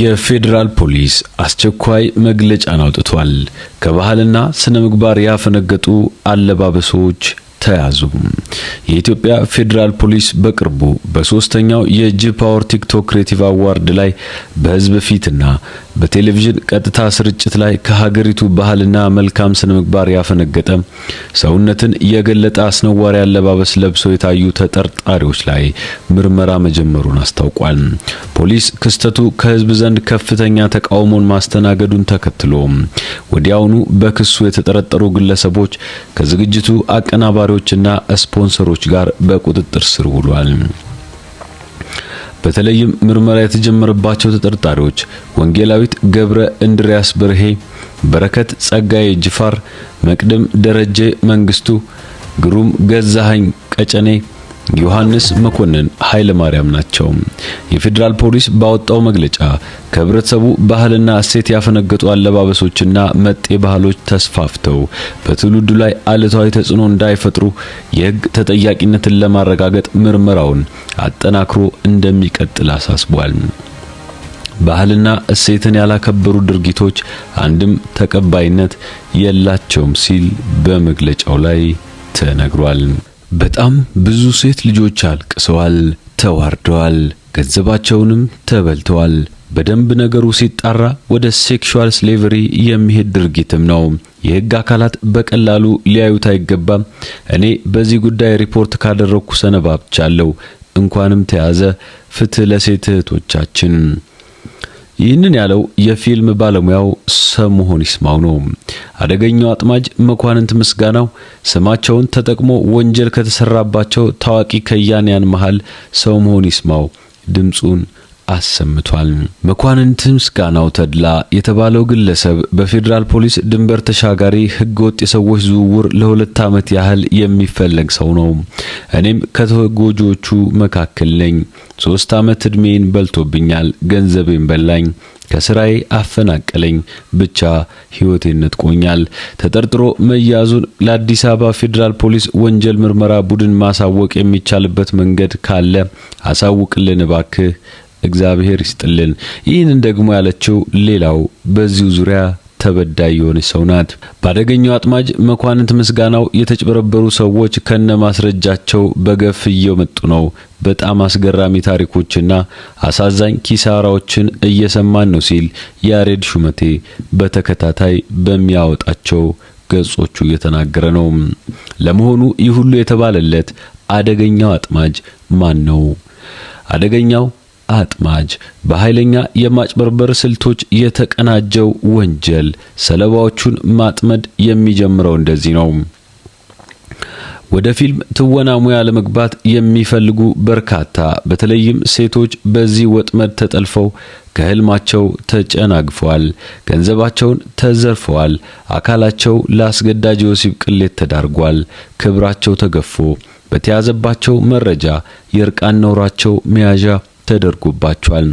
የፌዴራል ፖሊስ አስቸኳይ መግለጫን አውጥቷል። ከባህልና ስነ ምግባር ያፈነገጡ አለባበሶች ተያዙ። የኢትዮጵያ ፌዴራል ፖሊስ በቅርቡ በሶስተኛው የጂ ፓወር ቲክቶክ ክሬቲቭ አዋርድ ላይ በህዝብ ፊትና በቴሌቪዥን ቀጥታ ስርጭት ላይ ከሀገሪቱ ባህልና መልካም ስነ ምግባር ያፈነገጠ ሰውነትን የገለጠ አስነዋሪ አለባበስ ለብሰው የታዩ ተጠርጣሪዎች ላይ ምርመራ መጀመሩን አስታውቋል። ፖሊስ ክስተቱ ከህዝብ ዘንድ ከፍተኛ ተቃውሞን ማስተናገዱን ተከትሎ ወዲያውኑ በክሱ የተጠረጠሩ ግለሰቦች ከዝግጅቱ አቀናባሪ ከአጋሮችና ስፖንሰሮች ጋር በቁጥጥር ስር ውሏል። በተለይም ምርመራ የተጀመረባቸው ተጠርጣሪዎች ወንጌላዊት ገብረ እንድሪያስ በርሄ፣ በረከት ጸጋዬ ጅፋር፣ መቅደም ደረጀ መንግስቱ፣ ግሩም ገዛሃኝ ቀጨኔ ዮሐንስ መኮንን ኃይለ ማርያም ናቸው። የፌዴራል ፖሊስ ባወጣው መግለጫ ከህብረተሰቡ ባህልና እሴት ያፈነገጡ አለባበሶችና መጤ ባህሎች ተስፋፍተው በትውልዱ ላይ አለታዊ ተጽዕኖ እንዳይፈጥሩ የህግ ተጠያቂነትን ለማረጋገጥ ምርመራውን አጠናክሮ እንደሚቀጥል አሳስቧል። ባህልና እሴትን ያላከበሩ ድርጊቶች አንድም ተቀባይነት የላቸውም ሲል በመግለጫው ላይ ተነግሯል። በጣም ብዙ ሴት ልጆች አልቅሰዋል፣ ተዋርደዋል፣ ገንዘባቸውንም ተበልተዋል። በደንብ ነገሩ ሲጣራ ወደ ሴክሹዋል ስሌቨሪ የሚሄድ ድርጊትም ነው። የህግ አካላት በቀላሉ ሊያዩት አይገባም። እኔ በዚህ ጉዳይ ሪፖርት ካደረግኩ ሰነባብቻለሁ። እንኳንም ተያዘ። ፍትህ ለሴት እህቶቻችን። ይህንን ያለው የፊልም ባለሙያው ሰምሆን ይስማው ነው። አደገኛው አጥማጅ መኳንንት ምስጋናው ስማቸውን ተጠቅሞ ወንጀል ከተሰራባቸው ታዋቂ ከያንያን መሃል ሰምሆን ይስማው ድምፁን አሰምቷል። መኳንንት ምስጋናው ተድላ የተባለው ግለሰብ በፌዴራል ፖሊስ ድንበር ተሻጋሪ ህገወጥ የሰዎች ዝውውር ለሁለት ዓመት ያህል የሚፈለግ ሰው ነው። እኔም ከተጎጆቹ መካከል ነኝ። ሶስት ዓመት እድሜን በልቶብኛል። ገንዘቤን በላኝ፣ ከስራዬ አፈናቀለኝ፣ ብቻ ህይወቴን ነጥቆኛል። ተጠርጥሮ መያዙን ለአዲስ አበባ ፌዴራል ፖሊስ ወንጀል ምርመራ ቡድን ማሳወቅ የሚቻልበት መንገድ ካለ አሳውቅልን እባክህ እግዚአብሔር ይስጥልን። ይህንን ደግሞ ያለችው ሌላው በዚሁ ዙሪያ ተበዳይ የሆነች ሰው ናት። በአደገኛው አጥማጅ መኳንንት ምስጋናው የተጭበረበሩ ሰዎች ከነ ማስረጃቸው በገፍ እየመጡ ነው። በጣም አስገራሚ ታሪኮችና አሳዛኝ ኪሳራዎችን እየሰማን ነው ሲል ያሬድ ሹመቴ በተከታታይ በሚያወጣቸው ገጾቹ እየተናገረ ነው። ለመሆኑ ይህ ሁሉ የተባለለት አደገኛው አጥማጅ ማን ነው? አደገኛው አጥማጅ፣ በኃይለኛ የማጭበርበር ስልቶች የተቀናጀው ወንጀል ሰለባዎቹን ማጥመድ የሚጀምረው እንደዚህ ነው። ወደ ፊልም ትወና ሙያ ለመግባት የሚፈልጉ በርካታ በተለይም ሴቶች በዚህ ወጥመድ ተጠልፈው ከህልማቸው ተጨናግፈዋል፣ ገንዘባቸውን ተዘርፈዋል፣ አካላቸው ለአስገዳጅ የወሲብ ቅሌት ተዳርጓል፣ ክብራቸው ተገፎ በተያዘባቸው መረጃ የእርቃን ነውራቸው መያዣ ተደርጎባቸዋል።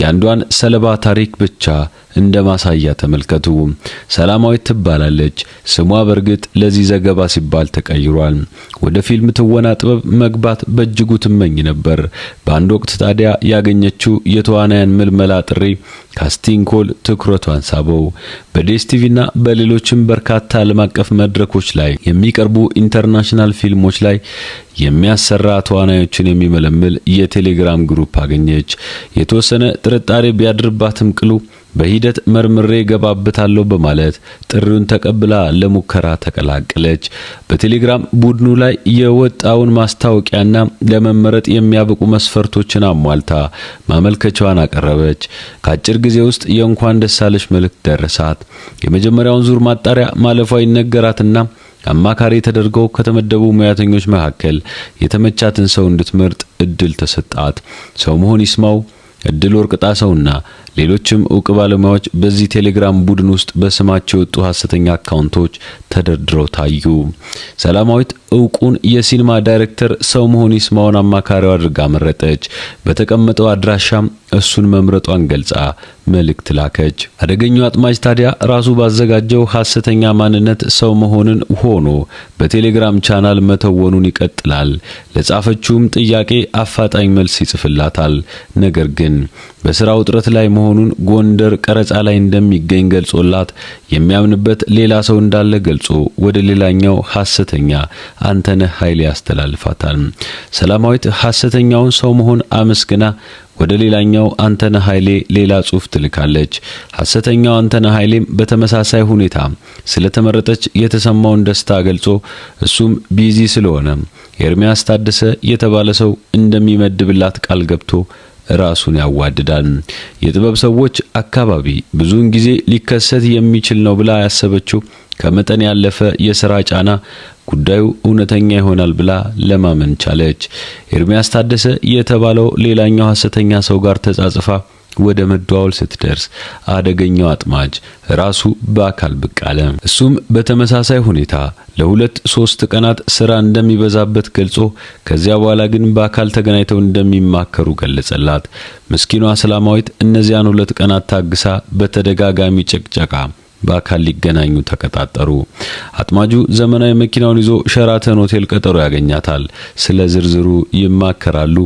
የአንዷን ሰለባ ታሪክ ብቻ እንደ ማሳያ ተመልከቱ። ሰላማዊት ትባላለች። ስሟ በእርግጥ ለዚህ ዘገባ ሲባል ተቀይሯል። ወደ ፊልም ትወና ጥበብ መግባት በእጅጉ ትመኝ ነበር። በአንድ ወቅት ታዲያ ያገኘችው የተዋናያን ምልመላ ጥሪ ካስቲንግ ኮል ትኩረቷን ሳበው። በዴስቲቪና በሌሎችም በርካታ ዓለም አቀፍ መድረኮች ላይ የሚቀርቡ ኢንተርናሽናል ፊልሞች ላይ የሚያሰራ ተዋናዮችን የሚመለምል የቴሌግራም ግሩፕ አገኘች። የተወሰነ ጥርጣሬ ቢያድርባትም ቅሉ በሂደት መርምሬ ገባበታለሁ በማለት ጥሪውን ተቀብላ ለሙከራ ተቀላቀለች። በቴሌግራም ቡድኑ ላይ የወጣውን ማስታወቂያና ለመመረጥ የሚያበቁ መስፈርቶችን አሟልታ ማመልከቻዋን አቀረበች። ከአጭር ጊዜ ውስጥ የእንኳን ደሳለች መልእክት ደረሳት። የመጀመሪያውን ዙር ማጣሪያ ማለፏ ይነገራትና አማካሪ ተደርገው ከተመደቡ ሙያተኞች መካከል የተመቻትን ሰው እንድትመርጥ እድል ተሰጣት። ሰው መሆን ይስማው እድል ወርቅጣ ሰውና ሌሎችም እውቅ ባለሙያዎች በዚህ ቴሌግራም ቡድን ውስጥ በስማቸው የወጡ ሀሰተኛ አካውንቶች ተደርድረው ታዩ። ሰላማዊት እውቁን የሲኒማ ዳይሬክተር ሰው መሆን ይስማውን አማካሪው አድርጋ መረጠች። በተቀመጠው አድራሻም እሱን መምረጧን ገልጻ መልእክት ላከች። አደገኛው አጥማጅ ታዲያ ራሱ ባዘጋጀው ሀሰተኛ ማንነት ሰው መሆንን ሆኖ በቴሌግራም ቻናል መተወኑን ይቀጥላል። ለጻፈችውም ጥያቄ አፋጣኝ መልስ ይጽፍላታል። ነገር ግን በስራ ውጥረት ላይ መሆን መሆኑን ጎንደር ቀረጻ ላይ እንደሚገኝ ገልጾላት የሚያምንበት ሌላ ሰው እንዳለ ገልጾ ወደ ሌላኛው ሐሰተኛ አንተነህ ኃይሌ ያስተላልፋታል። ሰላማዊት ሐሰተኛውን ሰው መሆን አመስግና ወደ ሌላኛው አንተነህ ኃይሌ ሌላ ጽሑፍ ትልካለች። ሐሰተኛው አንተነህ ኃይሌም በተመሳሳይ ሁኔታ ስለተመረጠች የተሰማውን ደስታ ገልጾ እሱም ቢዚ ስለሆነ ኤርሚያስ ታደሰ የተባለ ሰው እንደሚመድብላት ቃል ገብቶ ራሱን ያዋድዳል። የጥበብ ሰዎች አካባቢ ብዙውን ጊዜ ሊከሰት የሚችል ነው ብላ ያሰበችው ከመጠን ያለፈ የሥራ ጫና ጉዳዩ እውነተኛ ይሆናል ብላ ለማመን ቻለች። ኤርሚያስ ታደሰ የተባለው ሌላኛው ሐሰተኛ ሰው ጋር ተጻጽፋ ወደ መደዋወል ስትደርስ አደገኛው አጥማጅ ራሱ በአካል ብቅ አለ። እሱም በተመሳሳይ ሁኔታ ለሁለት ሶስት ቀናት ስራ እንደሚበዛበት ገልጾ ከዚያ በኋላ ግን በአካል ተገናኝተው እንደሚማከሩ ገለጸላት። ምስኪኗ ሰላማዊት እነዚያን ሁለት ቀናት ታግሳ በተደጋጋሚ ጭቅጨቃ በአካል ሊገናኙ ተቀጣጠሩ። አጥማጁ ዘመናዊ መኪናውን ይዞ ሸራተን ሆቴል ቀጠሮ ያገኛታል። ስለ ዝርዝሩ ይማከራሉ።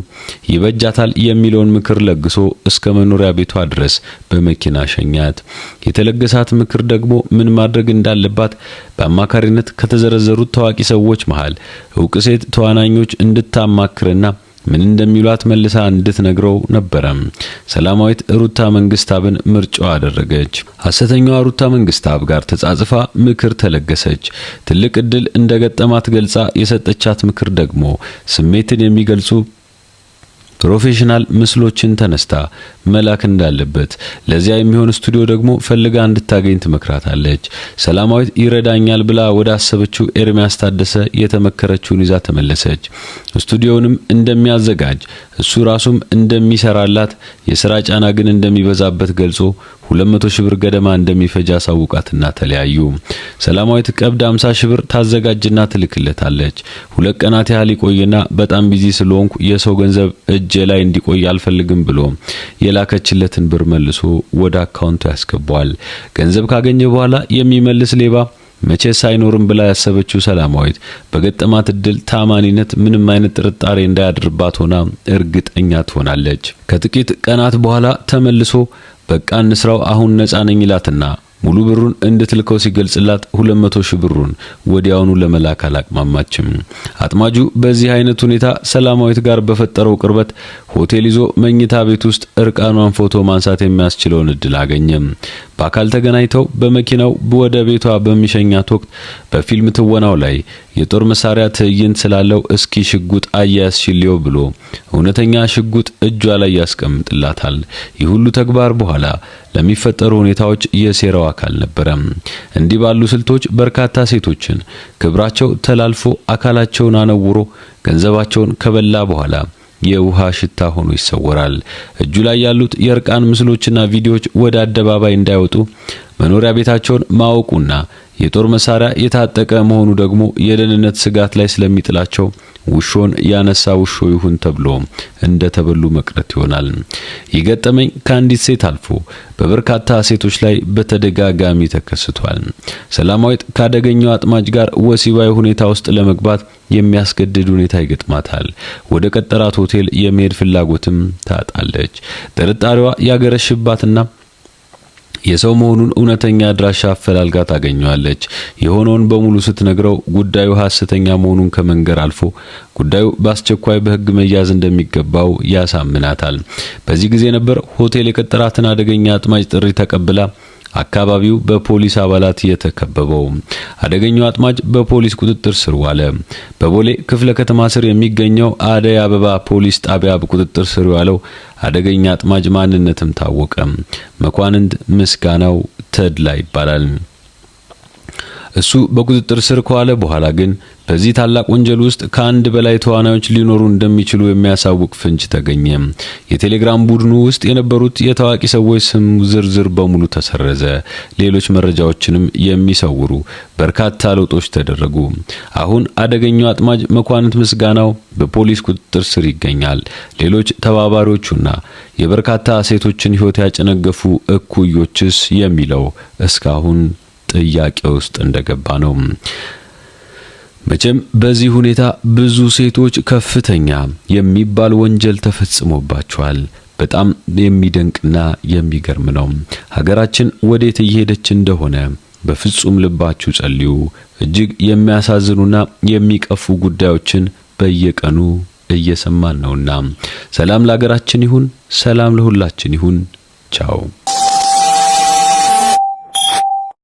ይበጃታል የሚለውን ምክር ለግሶ እስከ መኖሪያ ቤቷ ድረስ በመኪና ሸኛት። የተለገሳት ምክር ደግሞ ምን ማድረግ እንዳለባት በአማካሪነት ከተዘረዘሩት ታዋቂ ሰዎች መሃል እውቅ ሴት ተዋናኞች እንድታማክርና ምን እንደሚሏት መልሳ እንድትነግረው ነበረ። ሰላማዊት ሩታ መንግስታብን ምርጫዋ አደረገች። ሐሰተኛዋ ሩታ መንግስታብ ጋር ተጻጽፋ ምክር ተለገሰች። ትልቅ እድል እንደገጠማት ገልጻ የሰጠቻት ምክር ደግሞ ስሜትን የሚገልጹ ፕሮፌሽናል ምስሎችን ተነስታ መላክ እንዳለበት ለዚያ የሚሆን ስቱዲዮ ደግሞ ፈልጋ እንድታገኝ ትመክራታለች። ሰላማዊት ይረዳኛል ብላ ወደ አሰበችው ኤርሚያስ ታደሰ የተመከረችውን ይዛ ተመለሰች። ስቱዲዮውንም እንደሚያዘጋጅ እሱ ራሱም እንደሚሰራላት የስራ ጫና ግን እንደሚበዛበት ገልጾ 200 ሺህ ብር ገደማ እንደሚፈጅ አሳውቃትና ተለያዩ። ሰላማዊት ቀብድ 50 ሺህ ብር ታዘጋጅና ትልክለታለች። ሁለት ቀናት ያህል ይቆይና በጣም ቢዚ ስለሆንኩ የሰው ገንዘብ እጄ ላይ እንዲቆይ አልፈልግም ብሎ የላከችለትን ብር መልሶ ወደ አካውንቱ ያስገባዋል። ገንዘብ ካገኘ በኋላ የሚመልስ ሌባ መቼስ አይኖርም ብላ ያሰበችው ሰላማዊት በገጠማት እድል ታማኒነት ምንም አይነት ጥርጣሬ እንዳያድርባት ሆና እርግጠኛ ትሆናለች። ከጥቂት ቀናት በኋላ ተመልሶ በቃ እንስራው አሁን ነፃ ነኝ ይላትና ሙሉ ብሩን እንድትልከው ሲገልጽላት 200 ሺህ ብሩን ወዲያውኑ ለመላክ አላቅማማችም። አጥማጁ በዚህ አይነት ሁኔታ ሰላማዊት ጋር በፈጠረው ቅርበት ሆቴል ይዞ መኝታ ቤት ውስጥ እርቃኗን ፎቶ ማንሳት የሚያስችለውን እድል አገኘም። በአካል ተገናኝተው በመኪናው ወደ ቤቷ በሚሸኛት ወቅት በፊልም ትወናው ላይ የጦር መሳሪያ ትዕይንት ስላለው እስኪ ሽጉጥ አያያዝ ሽልዮ ብሎ እውነተኛ ሽጉጥ እጇ ላይ ያስቀምጥላታል። ይህ ሁሉ ተግባር በኋላ ለሚፈጠሩ ሁኔታዎች የሴራው አካል ነበረ። እንዲህ ባሉ ስልቶች በርካታ ሴቶችን ክብራቸው ተላልፎ አካላቸውን አነውሮ ገንዘባቸውን ከበላ በኋላ የውሃ ሽታ ሆኖ ይሰወራል። እጁ ላይ ያሉት የእርቃን ምስሎችና ቪዲዮዎች ወደ አደባባይ እንዳይወጡ መኖሪያ ቤታቸውን ማወቁና የጦር መሳሪያ የታጠቀ መሆኑ ደግሞ የደህንነት ስጋት ላይ ስለሚጥላቸው ውሾን ያነሳ ውሾ ይሁን ተብሎ እንደ ተበሉ መቅረት ይሆናል። የገጠመኝ ከአንዲት ሴት አልፎ በበርካታ ሴቶች ላይ በተደጋጋሚ ተከስቷል። ሰላማዊት ካደገኛው አጥማጅ ጋር ወሲባዊ ሁኔታ ውስጥ ለመግባት የሚያስገድድ ሁኔታ ይገጥማታል። ወደ ቀጠራት ሆቴል የመሄድ ፍላጎትም ታጣለች። ጥርጣሬዋ ያገረሽባትና የሰው መሆኑን እውነተኛ አድራሻ አፈላልጋ ታገኘዋለች። የሆነውን በሙሉ ስትነግረው ጉዳዩ ሐሰተኛ መሆኑን ከመንገር አልፎ ጉዳዩ በአስቸኳይ በሕግ መያዝ እንደሚገባው ያሳምናታል። በዚህ ጊዜ ነበር ሆቴል የቀጠራትን አደገኛ አጥማጭ ጥሪ ተቀብላ አካባቢው በፖሊስ አባላት የተከበበው አደገኛው አጥማጅ በፖሊስ ቁጥጥር ስር ዋለ። በቦሌ ክፍለ ከተማ ስር የሚገኘው አደይ አበባ ፖሊስ ጣቢያ በቁጥጥር ስር ዋለው አደገኛ አጥማጅ ማንነትም ታወቀ። መኳንንት ምስጋናው ተድላ ይባላል። እሱ በቁጥጥር ስር ከዋለ በኋላ ግን በዚህ ታላቅ ወንጀል ውስጥ ከአንድ በላይ ተዋናዮች ሊኖሩ እንደሚችሉ የሚያሳውቅ ፍንጭ ተገኘ። የቴሌግራም ቡድኑ ውስጥ የነበሩት የታዋቂ ሰዎች ስም ዝርዝር በሙሉ ተሰረዘ። ሌሎች መረጃዎችንም የሚሰውሩ በርካታ ለውጦች ተደረጉ። አሁን አደገኛው አጥማጅ መኳንንት ምስጋናው በፖሊስ ቁጥጥር ስር ይገኛል። ሌሎች ተባባሪዎቹና የበርካታ ሴቶችን ሕይወት ያጨነገፉ እኩዮችስ የሚለው እስካሁን ጥያቄ ውስጥ እንደገባ ነው። መቼም በዚህ ሁኔታ ብዙ ሴቶች ከፍተኛ የሚባል ወንጀል ተፈጽሞባቸዋል። በጣም የሚደንቅና የሚገርም ነው። ሀገራችን ወዴት እየሄደች እንደሆነ በፍጹም ልባችሁ ጸልዩ። እጅግ የሚያሳዝኑና የሚቀፉ ጉዳዮችን በየቀኑ እየሰማን ነውና፣ ሰላም ለሀገራችን ይሁን፣ ሰላም ለሁላችን ይሁን። ቻው